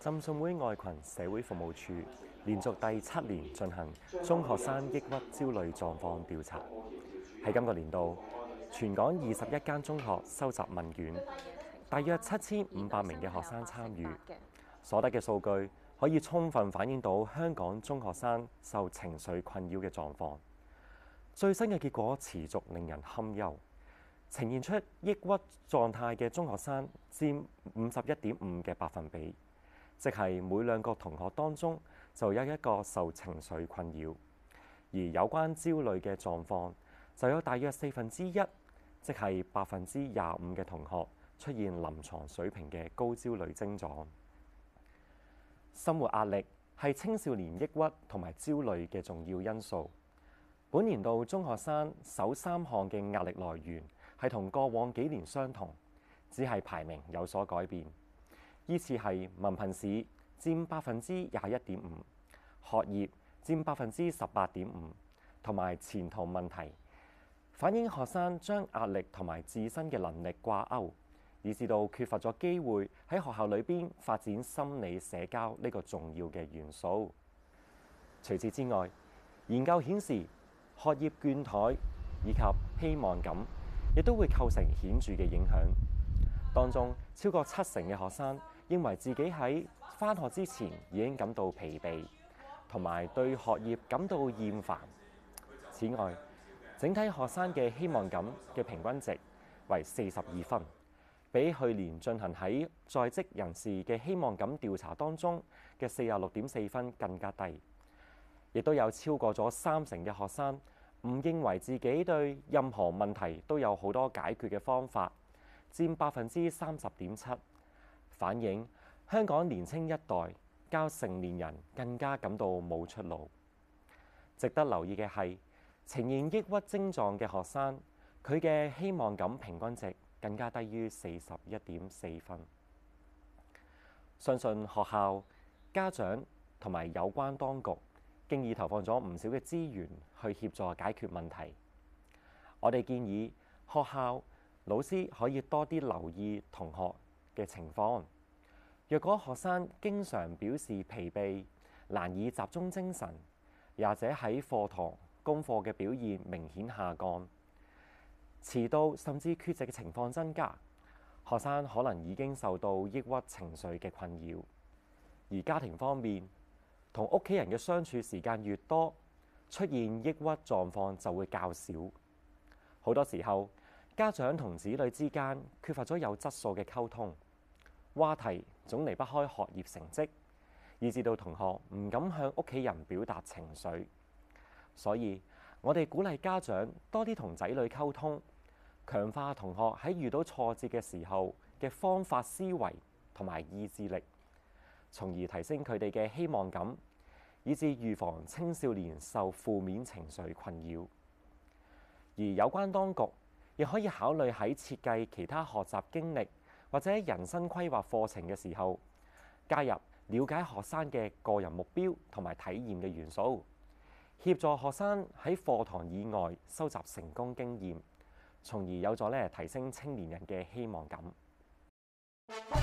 浸信會愛群社會服務處連續第七年進行中學生抑鬱焦慮狀況調查。喺今個年度，全港二十一間中學收集問卷，大約七千五百名嘅學生參與，所得嘅數據可以充分反映到香港中學生受情緒困擾嘅狀況。最新嘅結果持續令人堪憂，呈現出抑鬱狀態嘅中學生佔五十一點五嘅百分比。即係每兩個同學當中就有一個受情緒困擾，而有關焦慮嘅狀況就有大約四分之一，即係百分之廿五嘅同學出現臨床水平嘅高焦慮症狀。生活壓力係青少年抑鬱同埋焦慮嘅重要因素。本年度中學生首三項嘅壓力來源係同過往幾年相同，只係排名有所改變。依次係文憑試佔百分之廿一點五，學業佔百分之十八點五，同埋前途問題反映學生將壓力同埋自身嘅能力掛鈎，以至到缺乏咗機會喺學校裏邊發展心理社交呢個重要嘅元素。除此之外，研究顯示學業倦怠以及希望感亦都會構成顯著嘅影響，當中超過七成嘅學生。認為自己喺返學之前已經感到疲憊，同埋對學業感到厭煩。此外，整體學生嘅希望感嘅平均值為四十二分，比去年進行喺在，在職人士嘅希望感調查當中嘅四十六點四分更加低。亦都有超過咗三成嘅學生唔認為自己對任何問題都有好多解決嘅方法，佔百分之三十點七。反映香港年青一代較成年人更加感到冇出路。值得留意嘅係呈現抑鬱症狀嘅學生，佢嘅希望感平均值更加低於四十一點四分。相信學校、家長同埋有關當局經已投放咗唔少嘅資源去協助解決問題。我哋建議學校老師可以多啲留意同學。嘅情況，若果學生經常表示疲憊、難以集中精神，或者喺課堂、功課嘅表現明顯下降、遲到甚至缺席嘅情況增加，學生可能已經受到抑鬱情緒嘅困擾。而家庭方面，同屋企人嘅相處時間越多，出現抑鬱狀況就會較少。好多時候，家長同子女之間缺乏咗有質素嘅溝通，話題總離不開學業成績，以至到同學唔敢向屋企人表達情緒。所以，我哋鼓勵家長多啲同仔女溝通，強化同學喺遇到挫折嘅時候嘅方法、思維同埋意志力，從而提升佢哋嘅希望感，以至預防青少年受負面情緒困擾。而有關當局，亦可以考慮喺設計其他學習經歷或者人生規劃課程嘅時候，加入了解學生嘅個人目標同埋體驗嘅元素，協助學生喺課堂以外收集成功經驗，從而有助咧提升青年人嘅希望感。